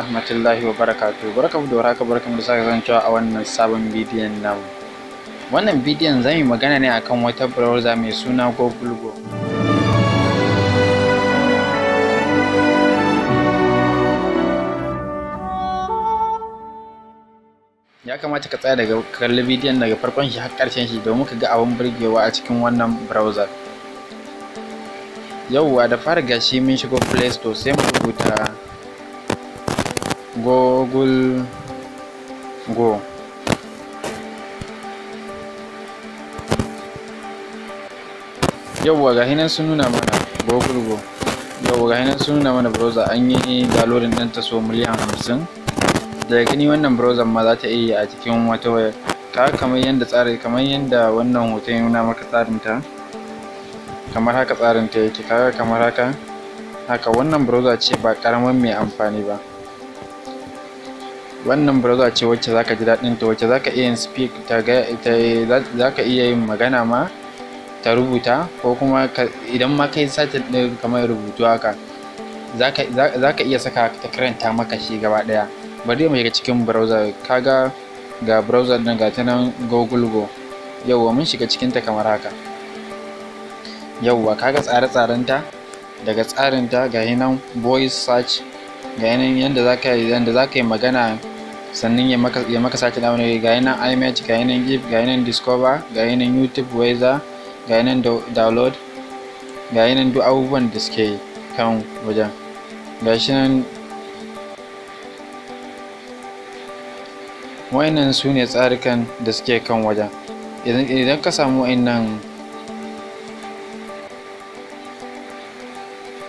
rahmatullahi wa barakatu barkamu da warhaka barkamu da sake zancewa a wannan sabon bidiyon namu wannan bidiyon zan yi magana ne akan wata browser mai suna google go ya kamata ka tsaya daga kalli bidiyon daga farkon shi har karshen shi domin ka ga abin burgewa a cikin wannan browser yauwa da fara gashi mun shigo play store sai mu rubuta google go yawwa ga hinan sun nuna mana google go yawwa ga hinan sun nuna mana browser an yi downloading ɗin ta so miliyan hamsin daga gani wannan browser ma za ta iya a cikin wata waya ka kamar yadda tsari kamar yadda wannan hoton ya nuna maka tsarin ta kamar haka tsarin ta yake kaga kamar haka haka wannan browser ce ba karamin mai amfani ba wannan browser ce wacce zaka ji daɗin ta wacce zaka iya speak ta ga zaka iya yin magana ma ta rubuta ko kuma idan ma kai satin ɗin kamar rubutu haka zaka iya saka ta karanta maka shi gaba ɗaya bari mu shiga cikin browser kaga ga browser din ga ta nan google go yauwa mun shiga cikin ta kamar haka yauwa kaga tsare tsaren ta daga tsarin ta ga nan voice search ga yanayin yadda za ka yi magana sannan ya maka ya maka sake dawo ne ga yanan imej ga yanan gif ga yanan discover ga yanan youtube weather ga yanan download ga yanan duk abubuwan da suke kan wajen ga shi nan wayannan su ne tsarikan da suke kan wajen idan ka samu wayannan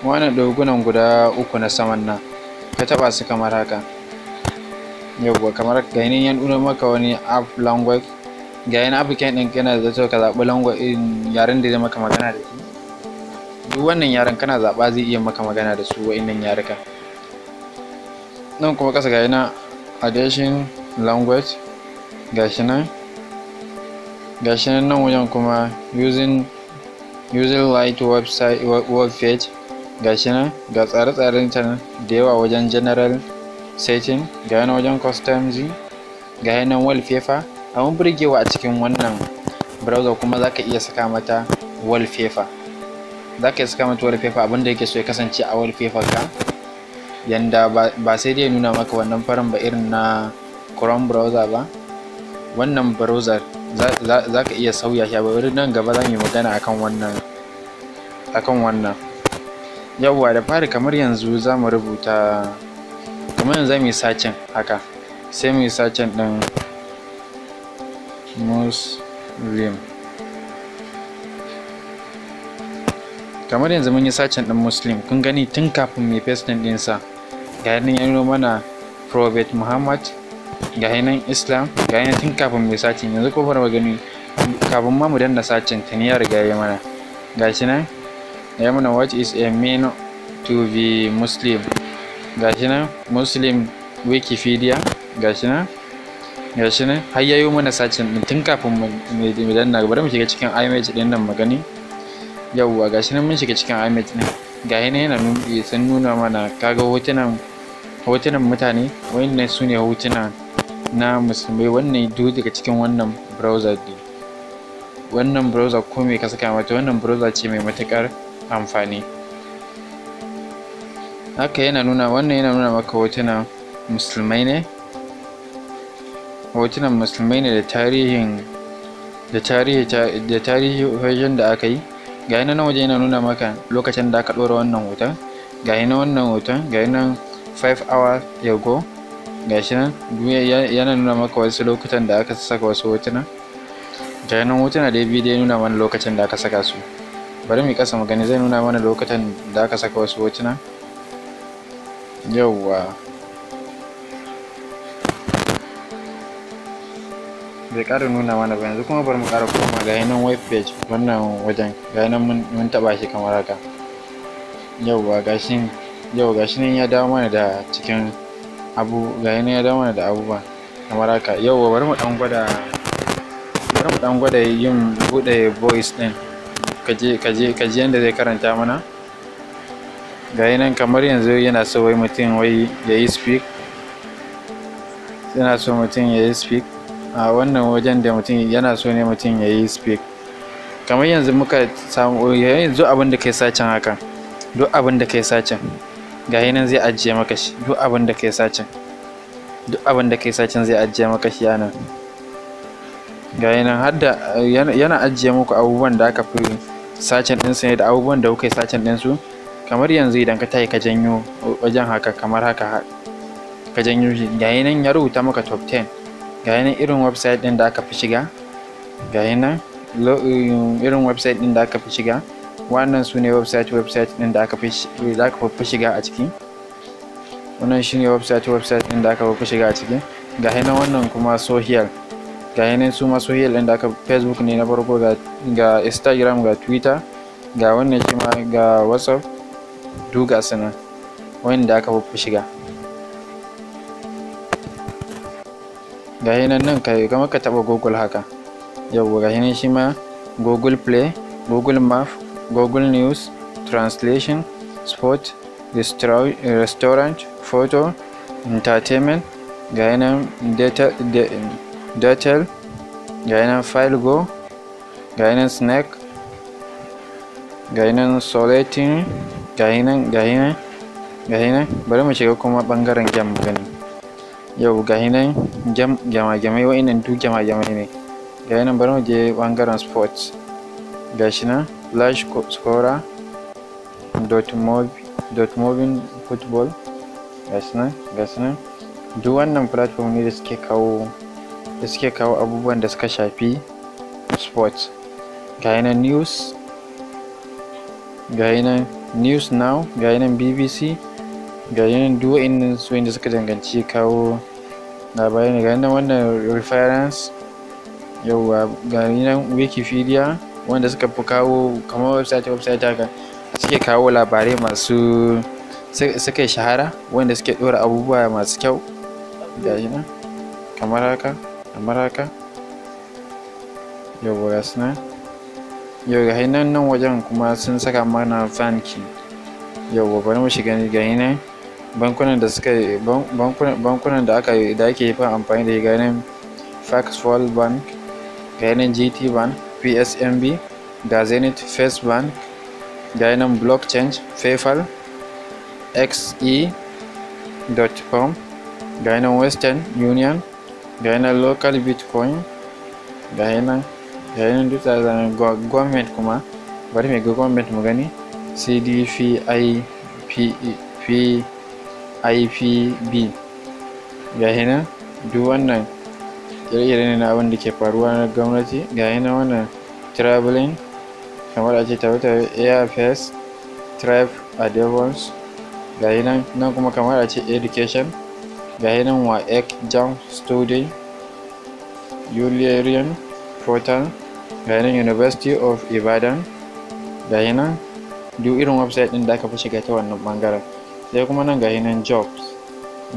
wannan dogunan guda uku na saman nan ka taba su kamar haka yawwa kamar gani yanayin ya nuna maka wani app language ga na applicant din kana da cewa ka zaɓi language in yaren da zai maka magana da shi duk wannan yaren kana zaɓa zai iya maka magana da su wa'innan yaruka nan kuma kasa ga yana addition language ga shi nan gashi nan nan wajen kuma using using light website web page ga shi nan ga tsare-tsaren internet da yawa wajen general setting ga yana wajen customizing ga yanan walfefa, abin burgewa a cikin wannan browser kuma zaka iya saka mata wallpaper zaka iya saka mata wallpaper abinda yake so ya kasance a walfefa ka yanda ba sai dai nuna maka wannan farin ba irin na chrome browser ba wannan browser za ka iya sauya shi a nan gaba za mu yi magana akan wannan akan wannan yawwa da fari kamar yanzu za mu rubuta kamar yanzu mu yi sacin haka sai mu yi sacin ɗin muslim kamar yanzu mun yi sacin ɗin muslim kun gani tun kafin mai festin ɗinsa ga nan yanzu mana prophet muhammad ga nan islam ga nan tun kafin mai sacin yanzu fara gani kafin ma mu danna sacin ta ni ya riga ya mana ga shi nan ya mana what is a mean to be muslim gashi nan muslim wikipedia gashi nan gashi nan har mana sacin din tun kafin mu danna bari mu shiga cikin image din nan magani yawwa gashi nan mun shiga cikin image din gashi yana yana nuna sun nuna mana kaga hotunan hotunan mutane wayannan su ne hotunan na musulmai wannan duk daga cikin wannan browser din wannan browser ko me ka saka mata wannan browser ce mai matukar amfani haka yana nuna wannan yana nuna maka hotunan musulmai ne hotunan musulmai ne da tarihin da tarihi da tarihi da aka yi ga yana nan waje yana nuna maka lokacin da aka ɗora wannan hoton ga yana wannan hoton ga yana 5 hour ago ga shi nan yana nuna maka wasu lokutan da aka saka wasu hotuna ga yana hotunan da biyu dai nuna mana lokacin da aka saka su bari mu kasa magani zai nuna mana lokacin da aka saka wasu hotuna yauwa bai ƙara nuna mana ba yanzu kuma bari mu ƙara koma ga nan web page wannan wajen ga nan mun taɓa shi kamar haka yauwa ga shi yau ga shi ya dawo mana da cikin abu ga nan ya dawo mana da abubuwa kamar haka yauwa bari mu ɗan gwada bari mu ɗan gwada yin buɗe voice ɗin kaje kaje kaje yanda zai karanta mana ga nan kamar yanzu yana so wai mutum wai ya yi speak yana so mutum ya yi speak a wannan wajen da mutum yana so ne mutum ya yi speak kamar yanzu muka samu yanzu abin da kai sacin haka duk abin da kai sacin ga nan zai ajiye maka shi duk abin da kai sacin duk abin da kai sacin zai ajiye maka shi yana ga nan har da yana ajiye muku abubuwan da aka fi sacin ɗinsu ne da abubuwan da kuka yi sacin ɗinsu kamar yanzu idan ka tayi ka janyo wajen haka kamar haka ka janyo shi gayi nan ya rubuta maka top 10 gayi nan irin website din da aka fi shiga gayi nan eh, irin website din da aka fi shiga wannan su ne website website din da aka fi shiga a ciki wannan shi ne website website din da aka fi shiga a ciki gayi nan wannan kuma social gayi nan su ma social din da aka facebook ne na farko ga instagram ga twitter ga wannan shi ma ga whatsapp duga su nan wanda aka fi shiga ga nan ka yi kama ka taba google haka yau ga shi ma google play google map google news translation sport restaurant photo entertainment ga nan datel ga file go ga nan snack ga solitaire gahi nan gahi nan gahi nan bari mu shiga kuma ɓangaren gem gani yau gahi nan gem gyama-gyamai wa'innan duk gyama-gyamai ne gahi nan bari mu je ɓangaren sports gashi nan flash scorer dot mobbing football gashi nan gashi nan duk wannan platform ne da suke kawo da suke kawo abubuwan da suka shafi sports ga nan news ga nan news now ga nan bbc ga nan duwa inda su inda suka danganci kawo labarai ga nan wannan reference yauwa ga nan wikipedia wanda suka fi kawo kamar website website haka suke kawo labarai masu suka shahara wanda suke ɗora abubuwa masu kyau ga nan kamar haka kamar haka yauwa ga su nan yau ga nan nan wajen kuma sun saka mana fan key yau bari mu shiga ga hainan bankunan da suka bankunan da aka da ake yi amfani da ga nan fax bank ga gtbank gt bank psmb ga zenith first bank ga nan fafal change paypal xe.com ga western union ga local bitcoin ga yayin 2000 gwamnati kuma bari mai gwamnati mu gani cdpipb ga hinan duk wannan ire ne na abin da ke faruwa na gwamnati ga hinan wannan traveling kamar a ce airfares tribe adevons ga hinan nan kuma kamar a ce education ga hinan wa ek jam study Julian Proton gaya university of ibadan gayanan duk irin website din da aka fi shiga ta wannan bangaren sai kuma nan gayanan jobs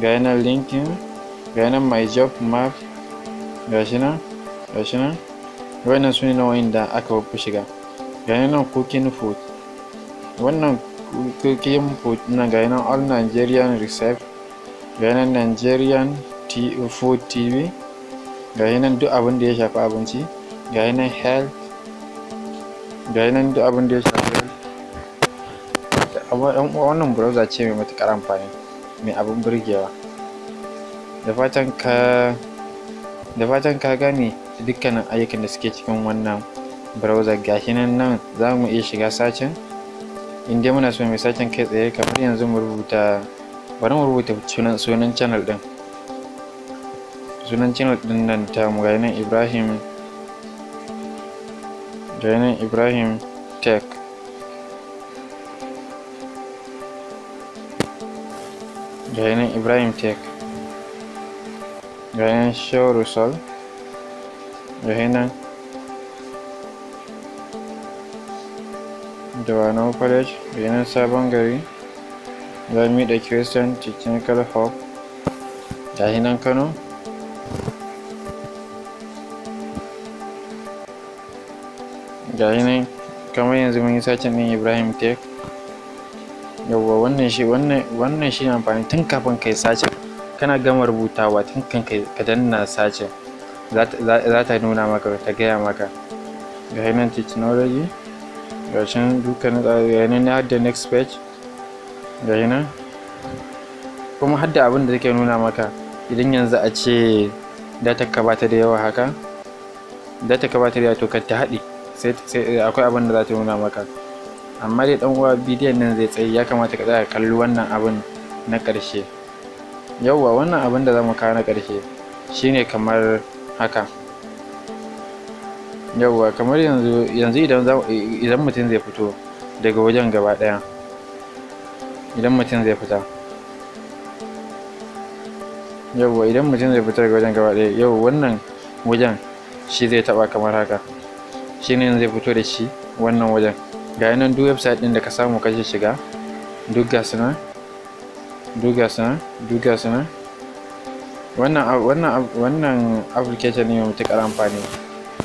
linkedin gaya gayanan my job map gashi nan gashi nan wannan su ne na wa'inda aka fi shiga gayanan cooking food wannan cooking food na gayanan all nigerian recipe gayanan nigerian food tv gayanan duk abin da ya shafi abinci Gaya nan health ga nan duk abin da ya shafi wannan browser ce mai matuƙar amfani mai abin burgewa da fatan ka da fatan ka gane dukkanin ayyukan da suke cikin wannan browser gashi nan nan za mu iya shiga sacin inda muna so mai sacin kai tsaye kamar yanzu mu rubuta bari mu rubuta sunan sunan channel din sunan channel din nan ta mu ga nan Ibrahim ganin ibrahim tech ganin ibrahim tech ganin show result College, Benin Sabon Gari, Lami da Christian Technical Hub, Dahinan Kano, ga yi kamar yanzu mun yi sacin ɗin ibrahim tech yawwa wannan shi wannan shi amfani tun kafin kai sacin kana gama rubutawa tun kan ka danna sacin za ta nuna maka ta gaya maka ga yi nan technology ga shi dukkanin ga yi nan har da next page ga nan kuma har da abin da take nuna maka idan yanzu a ce data ka bata da yawa haka data ka bata da yawa to ka ta haɗe sai eh, akwai abin da za ta nuna maka amma dai dan uwa bidiyon nan zai tsayi ya kamata ka tsaya kalli wannan abin na ƙarshe yauwa wannan abin da zamu kawo na ƙarshe shine kamar haka yauwa kamar yanzu yanzu idan idan mutum zai fito daga wajen gaba ɗaya idan mutum zai fita yauwa idan mutum zai fita daga wajen gaba ɗaya yau wannan wajen shi zai taɓa kamar haka shine yanzu zai fito da shi wannan wajen ga yanan duk website din da ka samu kashe shiga duk gas na, duk gas na, duk gas na. wannan wannan wannan application ne mai matuƙar amfani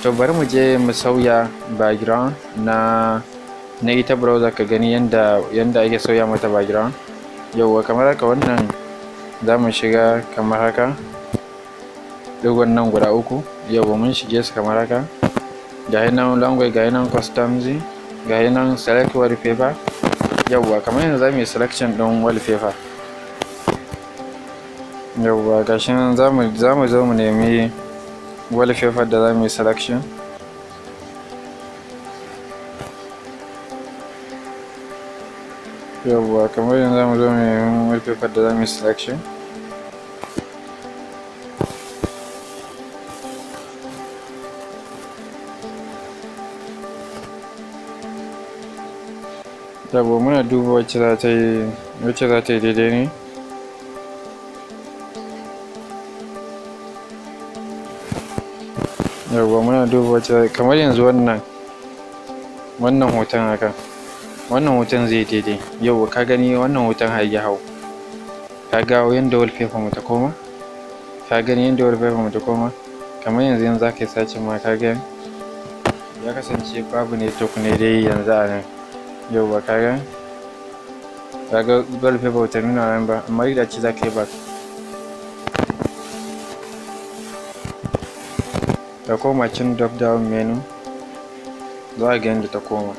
to bari mu je mu sauya background na na ita browser ka gani yanda yanda ake sauya mata background yauwa kamar haka wannan za mu shiga kamar haka dogon nan guda uku yauwa mun shige su kamar haka gayi nan language gayi nan customs gayi select wallpaper yawwa kamar yanzu zamu yi selection ɗin wallpaper yawwa gashin zamu zamu zo mu nemi wallpaper da zamu yi selection yawwa kamar yanzu zamu zo mu nemi wallpaper da zamu yi selection yabo muna duba wacce za ta yi wacce za ta yi daidai ne yabo muna duba wacce kamar yanzu wannan wannan hoton haka wannan hoton zai daidai yau ka gani wannan hoton har ya hau ka ga yadda wallpaper mu ta koma ka gani yadda wallpaper mu ta koma kamar yanzu yanzu za ka yi sacin ma ka gani ya kasance babu ne ne dai yanzu a nan yau yauwa kaga kaga dole fa bauta nuna nan ba amma da ce za ka yi ba ta koma cin drop down menu za a gani da ta koma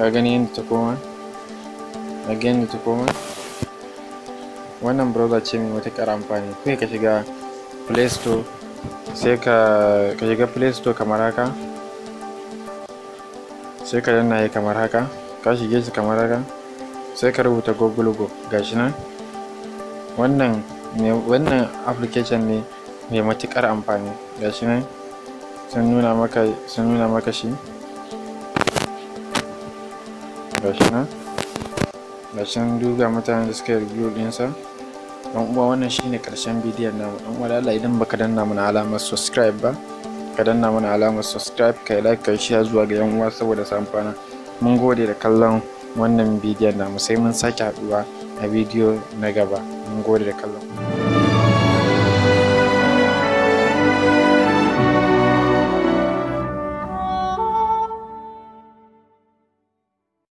ka gani yadda ta koma a gani da ta koma wannan browser ce mai matuƙar amfani kai ka shiga play store sai ka shiga play store kamar haka sai ka danna kamar haka ka shige shi kamar haka sai ka rubuta google go gashi nan wannan wannan application ne mai matukar amfani gashi nan sun nuna maka sun nuna maka shi gashi nan gashi nan duga mutanen da suka review ɗinsa dan uwa wannan shine karshen bidiyon namu dan uwa Allah idan baka danna mana alamar subscribe ba ka danna mana alamar subscribe kai like kai share zuwa ga yan uwa saboda su amfana mun gode da kallon wannan bidiyon namu sai mun sake haɗuwa a bidiyo na gaba mun gode da kallon